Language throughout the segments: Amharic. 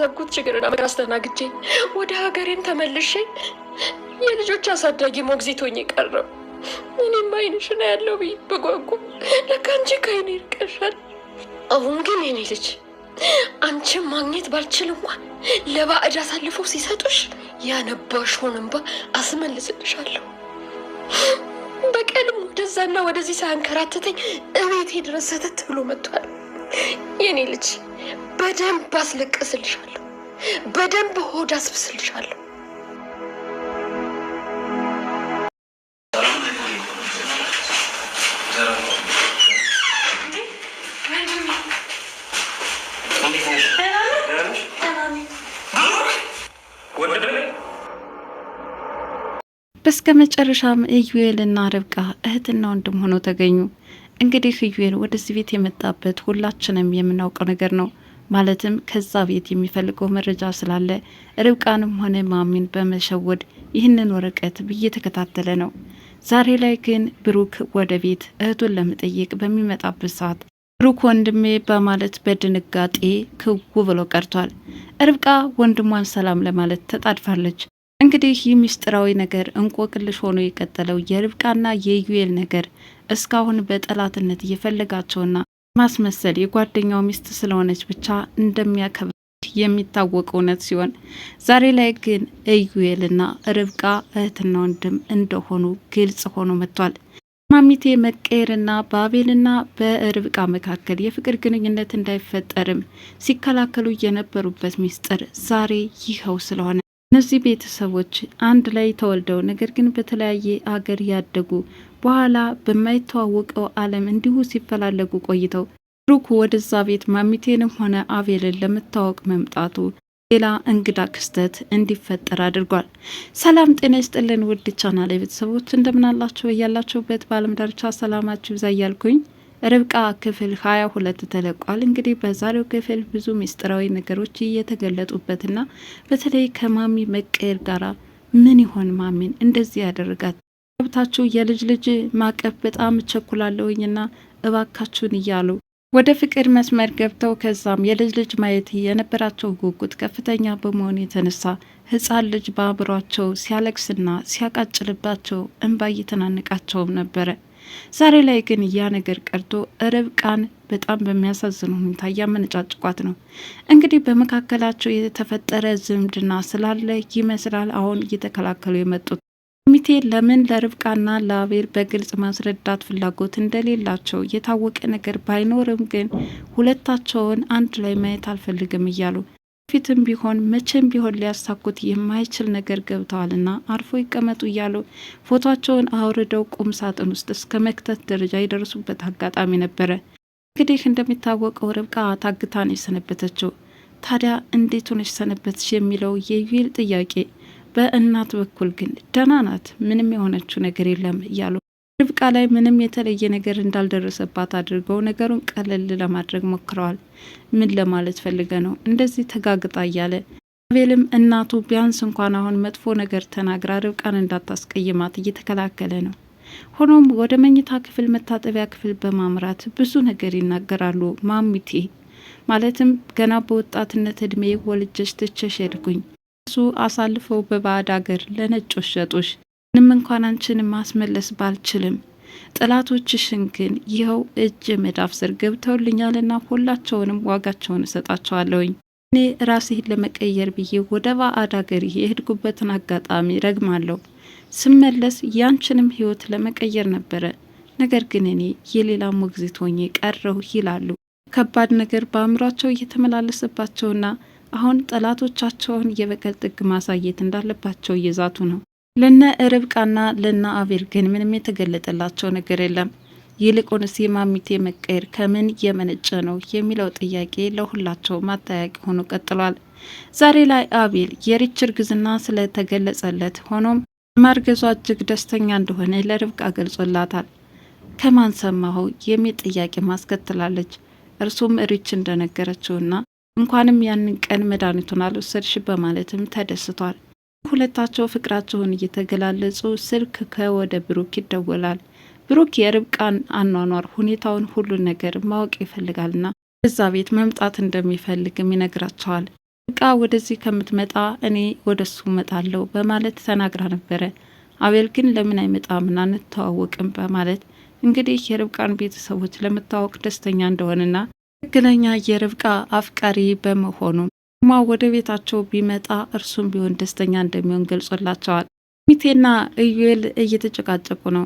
ያሰብኩት ችግርና መከራ አስተናግጄ ወደ ሀገሬም ተመልሼ የልጆች አሳዳጊ ሞግዚት ሆኜ ቀረሁ። እኔም አይንሽና ያለው ብዬ በጓጉ ለካ አንቺ ከአይኔ ይርቀሻል። አሁን ግን የኔ ልጅ አንቺን ማግኘት ባልችል እንኳን ለባዕድ አሳልፎ ሲሰጡሽ ያነባሽውን እንባ አስመልስልሻለሁ። በቀልም ወደዛና ወደዚህ ሳያንከራትተኝ እቤቴ ድረስ ሰተት ብሎ መጥቷል። የኔ ልጅ በደንብ አስለቅስልሻለሁ። በደንብ ሆድ አስብስልሻለሁ። በስከ መጨረሻም ኢዩኤልና ርብቃ እህትና ወንድም ሆነው ተገኙ። እንግዲህ ኢዩኤል ወደዚህ ቤት የመጣበት ሁላችንም የምናውቀው ነገር ነው። ማለትም ከዛ ቤት የሚፈልገው መረጃ ስላለ ርብቃንም ሆነ ማሚን በመሸወድ ይህንን ወረቀት እየተከታተለ ነው። ዛሬ ላይ ግን ብሩክ ወደ ቤት እህቱን ለመጠየቅ በሚመጣበት ሰዓት ብሩክ ወንድሜ በማለት በድንጋጤ ክው ብሎ ቀርቷል። ርብቃ ወንድሟን ሰላም ለማለት ተጣድፋለች። እንግዲህ ይህ ምስጢራዊ ነገር እንቆቅልሽ ሆኖ የቀጠለው የርብቃና የዩኤል ነገር እስካሁን በጠላትነት እየፈለጋቸውና ማስመሰል የጓደኛው ሚስት ስለሆነች ብቻ እንደሚያከብር የሚታወቅ እውነት ሲሆን ዛሬ ላይ ግን ኢዩኤልና ርብቃ እህትና ወንድም እንደሆኑ ግልጽ ሆኖ መጥቷል። ማሚቴ መቀየርና በአቤልና በርብቃ መካከል የፍቅር ግንኙነት እንዳይፈጠርም ሲከላከሉ የነበሩበት ሚስጥር ዛሬ ይኸው ስለሆነ እነዚህ ቤተሰቦች አንድ ላይ ተወልደው ነገር ግን በተለያየ አገር ያደጉ በኋላ በማይተዋወቀው ዓለም እንዲሁ ሲፈላለጉ ቆይተው ብሩክ ወደዛ ቤት ማሚቴንም ሆነ አቤልን ለመታወቅ መምጣቱ ሌላ እንግዳ ክስተት እንዲፈጠር አድርጓል። ሰላም ጤና ይስጥልን ውድ ቻናል ቤተሰቦች እንደምናላችሁ እያላችሁበት በዓለም ዳርቻ ሰላማችሁ ይብዛ እያልኩኝ ርብቃ ክፍል ሀያ ሁለት ተለቋል። እንግዲህ በዛሬው ክፍል ብዙ ምስጢራዊ ነገሮች እየተገለጡበትና በተለይ ከማሚ መቀየር ጋራ ምን ይሆን ማሚን እንደዚህ ያደረጋት ገብታችሁ የልጅ ልጅ ማቀፍ በጣም እቸኩላለሁኝና እባካችሁን እያሉ ወደ ፍቅር መስመር ገብተው ከዛም የልጅ ልጅ ማየት የነበራቸው ጉጉት ከፍተኛ በመሆኑ የተነሳ ህፃን ልጅ በአእምሯቸው ሲያለቅስና ሲያቃጭልባቸው እንባ እየተናነቃቸውም ነበረ። ዛሬ ላይ ግን ያ ነገር ቀርቶ ርብቃን በጣም በሚያሳዝን ሁኔታ እያመነጫጭቋት ነው። እንግዲህ በመካከላቸው የተፈጠረ ዝምድና ስላለ ይመስላል አሁን እየተከላከሉ የመጡት። ኮሚቴ ለምን ለርብቃና ለአቤል በግልጽ ማስረዳት ፍላጎት እንደሌላቸው የታወቀ ነገር ባይኖርም ግን ሁለታቸውን አንድ ላይ ማየት አልፈልግም እያሉ ፊትም ቢሆን መቼም ቢሆን ሊያሳኩት የማይችል ነገር ገብተዋልና አርፎ ይቀመጡ እያሉ ፎቷቸውን አውርደው ቁም ሳጥን ውስጥ እስከ መክተት ደረጃ የደረሱበት አጋጣሚ ነበረ። እንግዲህ እንደሚታወቀው ርብቃ ታግታ ነው የሰነበተችው። ታዲያ እንዴት ሆነች ሰነበትሽ የሚለው የዩል ጥያቄ በእናት በኩል ግን ደህና ናት፣ ምንም የሆነችው ነገር የለም እያሉ ርብቃ ላይ ምንም የተለየ ነገር እንዳልደረሰባት አድርገው ነገሩን ቀለል ለማድረግ ሞክረዋል። ምን ለማለት ፈልገ ነው እንደዚህ ተጋግጣ እያለ አቤልም እናቱ ቢያንስ እንኳን አሁን መጥፎ ነገር ተናግራ ርብቃን እንዳታስቀይማት እየተከላከለ ነው። ሆኖም ወደ መኝታ ክፍል መታጠቢያ ክፍል በማምራት ብዙ ነገር ይናገራሉ። ማሚቴ ማለትም ገና በወጣትነት እድሜ ወልጀሽ ትቸሽ ሄድኩኝ እሱ አሳልፈው በባዕድ አገር ለነጮች ሸጡሽ። ምንም እንኳን አንቺን ማስመለስ ባልችልም ጠላቶችሽን ግን ይኸው እጅ መዳፍ ስር ገብተውልኛልና ሁላቸውንም ዋጋቸውን እሰጣቸዋለሁኝ። እኔ ራሴን ለመቀየር ብዬ ወደ ባዕድ አገር የሄድኩበትን አጋጣሚ ረግማለሁ። ስመለስ ያንቺንም ህይወት ለመቀየር ነበረ። ነገር ግን እኔ የሌላ ሞግዚት ሆኜ ቀረሁ ይላሉ። ከባድ ነገር በአእምሯቸው እየተመላለሰባቸውና አሁን ጠላቶቻቸውን የበቀል ጥግ ማሳየት እንዳለባቸው እየዛቱ ነው። ለነ ርብቃና ለነ አቤል ግን ምንም የተገለጠላቸው ነገር የለም። ይልቁንስ የማሚቴ መቀየር ከምን የመነጨ ነው የሚለው ጥያቄ ለሁላቸው ማጠያቂ ሆኖ ቀጥሏል። ዛሬ ላይ አቤል የሪች እርግዝና ስለተገለጸለት ሆኖም ማርገዟ እጅግ ደስተኛ እንደሆነ ለርብቃ ገልጾላታል። ከማን ሰማኸው የሚል ጥያቄ ማስከትላለች። እርሱም ሪች እንደነገረችውና እንኳንም ያንን ቀን መድኃኒቱን አልወሰድሽ በማለትም ተደስቷል። ሁለታቸው ፍቅራቸውን እየተገላለጹ ስልክ ከወደ ብሩክ ይደወላል። ብሩክ የርብቃን አኗኗር ሁኔታውን፣ ሁሉን ነገር ማወቅ ይፈልጋልና እዛ ቤት መምጣት እንደሚፈልግም ይነግራቸዋል። ርብቃ ወደዚህ ከምትመጣ እኔ ወደሱ እመጣለሁ በማለት ተናግራ ነበረ። አቤል ግን ለምን አይመጣምና አንተዋወቅም በማለት እንግዲህ የርብቃን ቤተሰቦች ለመታወቅ ደስተኛ እንደሆነና ትክክለኛ የርብቃ አፍቃሪ በመሆኑ ማ ወደ ቤታቸው ቢመጣ እርሱም ቢሆን ደስተኛ እንደሚሆን ገልጾላቸዋል። ሚቴና እዩኤል እየተጨቃጨቁ ነው።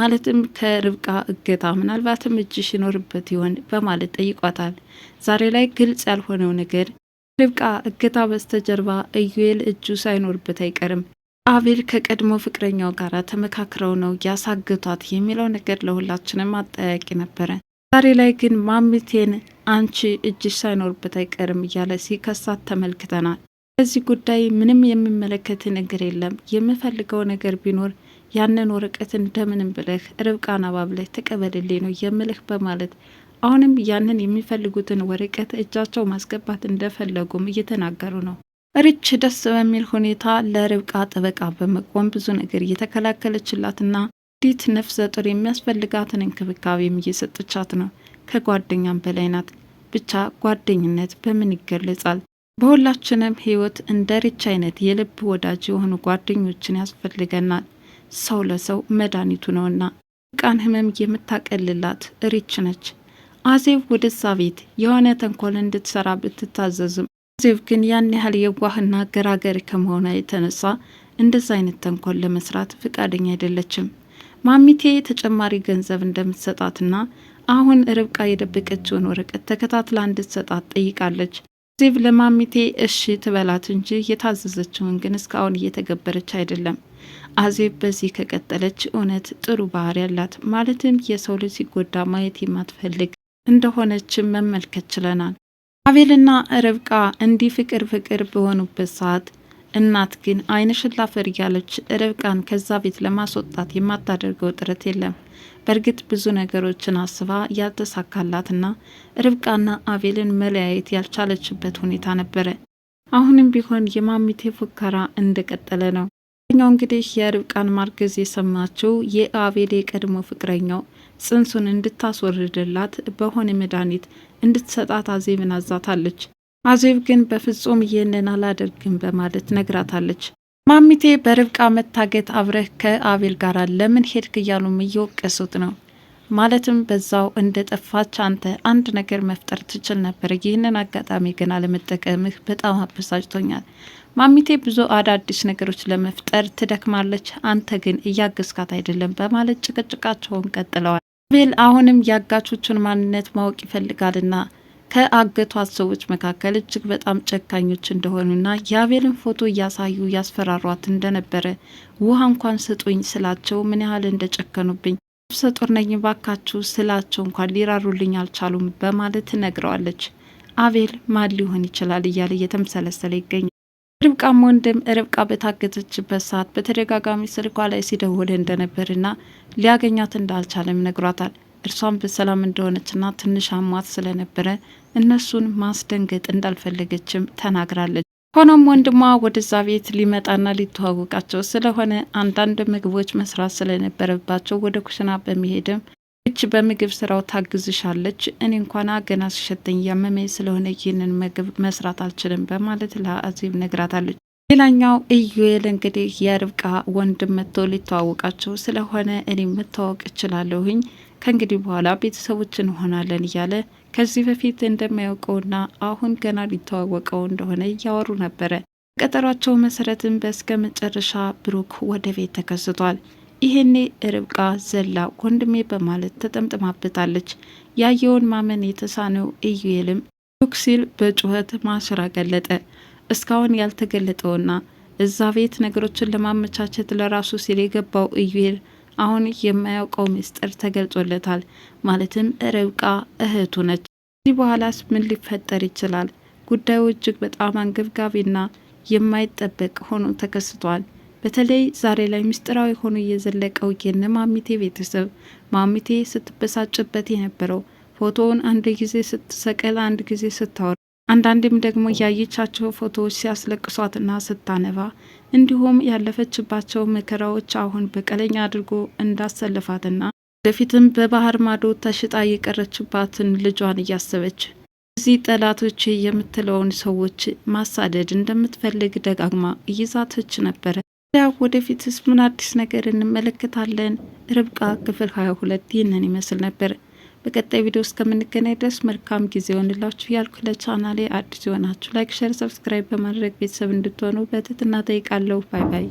ማለትም ከርብቃ እገታ ምናልባትም እጅሽ ይኖርበት ይሆን በማለት ጠይቋታል። ዛሬ ላይ ግልጽ ያልሆነው ነገር ርብቃ እገታ በስተጀርባ ኢዩኤል እጁ ሳይኖርበት አይቀርም፣ አቤል ከቀድሞ ፍቅረኛው ጋር ተመካክረው ነው ያሳግቷት የሚለው ነገር ለሁላችንም አጠያቂ ነበረ። ዛሬ ላይ ግን ማሚቴን አንቺ እጅሽ ሳይኖርበት አይቀርም እያለ ሲከሳት ተመልክተናል። በዚህ ጉዳይ ምንም የሚመለከት ነገር የለም። የምፈልገው ነገር ቢኖር ያንን ወረቀት እንደምንም ብለህ ርብቃን አባብለህ ተቀበልልኝ ነው የምልህ በማለት አሁንም ያንን የሚፈልጉትን ወረቀት እጃቸው ማስገባት እንደፈለጉም እየተናገሩ ነው። ርች ደስ በሚል ሁኔታ ለርብቃ ጠበቃ በመቆም ብዙ ነገር እየተከላከለችላትና ዲት ነፍሰ ጡር የሚያስፈልጋትን እንክብካቤም እየሰጠቻት ነው። ከጓደኛም በላይ ናት። ብቻ ጓደኝነት በምን ይገለጻል? በሁላችንም ህይወት እንደ ሬቻ አይነት የልብ ወዳጅ የሆኑ ጓደኞችን ያስፈልገናል። ሰው ለሰው መድኃኒቱ ነውና ቃን ህመም የምታቀልላት ሬች ነች። አዜብ ወደዛ ቤት የሆነ ተንኮል እንድትሰራ ብትታዘዝም አዜብ ግን ያን ያህል የዋህና ገራገሪ ከመሆኗ የተነሳ እንደዛ አይነት ተንኮል ለመስራት ፍቃደኛ አይደለችም። ማሚቴ ተጨማሪ ገንዘብ እንደምትሰጣትና አሁን ርብቃ የደበቀችውን ወረቀት ተከታትላ እንድትሰጣት ጠይቃለች። ዚቭ ለማሚቴ እሺ ትበላት እንጂ የታዘዘችውን ግን እስካሁን እየተገበረች አይደለም። አዜብ በዚህ ከቀጠለች እውነት ጥሩ ባህሪ ያላት ማለትም የሰው ልጅ ሲጎዳ ማየት የማትፈልግ እንደሆነችም መመልከት ችለናል። አቤልና ርብቃ እንዲህ ፍቅር ፍቅር በሆኑበት ሰዓት እናት ግን ዓይንሽን ላፈር እያለች ርብቃን ከዛ ቤት ለማስወጣት የማታደርገው ጥረት የለም። በእርግጥ ብዙ ነገሮችን አስባ ያልተሳካላትና ርብቃና አቤልን መለያየት ያልቻለችበት ሁኔታ ነበረ። አሁንም ቢሆን የማሚቴ ፉከራ እንደቀጠለ ነው። ኛው እንግዲህ የርብቃን ማርገዝ የሰማችው የአቤል የቀድሞ ፍቅረኛው ጽንሱን እንድታስወርድላት በሆነ መድኃኒት እንድትሰጣት አዜብን አዛታለች። አዜብ ግን በፍጹም ይህንን አላደርግም በማለት ነግራታለች። ማሚቴ በርብቃ መታገት አብረህ ከአቤል ጋር ለምን ሄድክ እያሉም እየወቀሱት ነው። ማለትም በዛው እንደ ጠፋች አንተ አንድ ነገር መፍጠር ትችል ነበር። ይህንን አጋጣሚ ግን አለመጠቀምህ በጣም አበሳጭቶኛል። ማሚቴ ብዙ አዳዲስ ነገሮች ለመፍጠር ትደክማለች፣ አንተ ግን እያገዝካት አይደለም በማለት ጭቅጭቃቸውን ቀጥለዋል። አቤል አሁንም ያጋቾቹን ማንነት ማወቅ ይፈልጋልና ከአገቷት ሰዎች መካከል እጅግ በጣም ጨካኞች እንደሆኑና የአቤልን ፎቶ እያሳዩ ያስፈራሯት እንደነበረ ውሃ እንኳን ስጡኝ ስላቸው ምን ያህል እንደጨከኑብኝ ነፍሰ ጡር ነኝ ባካችሁ ስላቸው እንኳን ሊራሩልኝ አልቻሉም በማለት ነግረዋለች። አቤል ማን ሊሆን ይችላል እያለ እየተምሰለሰለ ይገኛል። ርብቃም ወንድም ርብቃ በታገተችበት ሰዓት በተደጋጋሚ ስልኳ ላይ ሲደወል እንደነበርና ሊያገኛት እንዳልቻለም ነግሯታል። እርሷም በሰላም እንደሆነችና ትንሽ አሟት ስለነበረ እነሱን ማስደንገጥ እንዳልፈለገችም ተናግራለች። ሆኖም ወንድሟ ወደዛ ቤት ሊመጣና ሊተዋወቃቸው ስለሆነ አንዳንድ ምግቦች መስራት ስለነበረባቸው ወደ ኩሽና በመሄድም እች በምግብ ስራው ታግዝሻለች፣ እኔ እንኳን ገና ሲሸተኝ እያመመኝ ስለሆነ ይህንን ምግብ መስራት አልችልም በማለት ለአዜብ ነግራታለች። ሌላኛው እዩኤል እንግዲህ የርብቃ ወንድም መጥቶ ሊተዋወቃቸው ስለሆነ እኔ መታወቅ እችላለሁኝ ከእንግዲህ በኋላ ቤተሰቦች እንሆናለን እያለ ከዚህ በፊት እንደማያውቀውና አሁን ገና ሊተዋወቀው እንደሆነ እያወሩ ነበረ። ቀጠሯቸው መሰረትም በስከ መጨረሻ ብሩክ ወደ ቤት ተከስቷል። ይህኔ ርብቃ ዘላ ወንድሜ በማለት ተጠምጥማበታለች። ያየውን ማመን የተሳነው እዩኤልም ብሩክ ሲል በጩኸት ማስራ ገለጠ። እስካሁን ያልተገለጠውና እዛ ቤት ነገሮችን ለማመቻቸት ለራሱ ሲል የገባው እዩኤል አሁን የማያውቀው ምስጢር ተገልጾለታል። ማለትም ርብቃ እህቱ ነች። ከዚህ በኋላስ ምን ሊፈጠር ይችላል? ጉዳዩ እጅግ በጣም አንገብጋቢና የማይጠበቅ ሆኖ ተከስቷል። በተለይ ዛሬ ላይ ምስጢራዊ ሆኖ እየዘለቀው የነ ማሚቴ ቤተሰብ ማሚቴ ስትበሳጭበት የነበረው ፎቶውን አንድ ጊዜ ስትሰቀል አንድ ጊዜ ስታወር አንዳንዴም ደግሞ ያየቻቸው ፎቶዎች ሲያስለቅሷትና ስታነባ እንዲሁም ያለፈችባቸው መከራዎች አሁን በቀለኛ አድርጎ እንዳሰለፋትና ወደፊትም በባህር ማዶ ተሽጣ የቀረችባትን ልጇን እያሰበች እዚህ ጠላቶች የምትለውን ሰዎች ማሳደድ እንደምትፈልግ ደጋግማ እይዛተች ነበረ። ያ ወደፊትስ ምን አዲስ ነገር እንመለከታለን? ርብቃ ክፍል 22 ይህንን ይመስል ነበር። በቀጣይ ቪዲዮ እስከምንገናኝ ድረስ መልካም ጊዜ ሆንላችሁ እያልኩ ለቻናሌ አዲስ የሆናችሁ ላይክ፣ ሸር፣ ሰብስክራይብ በማድረግ ቤተሰብ እንድትሆኑ በትህትና ጠይቃለሁ። ባይ ባይ።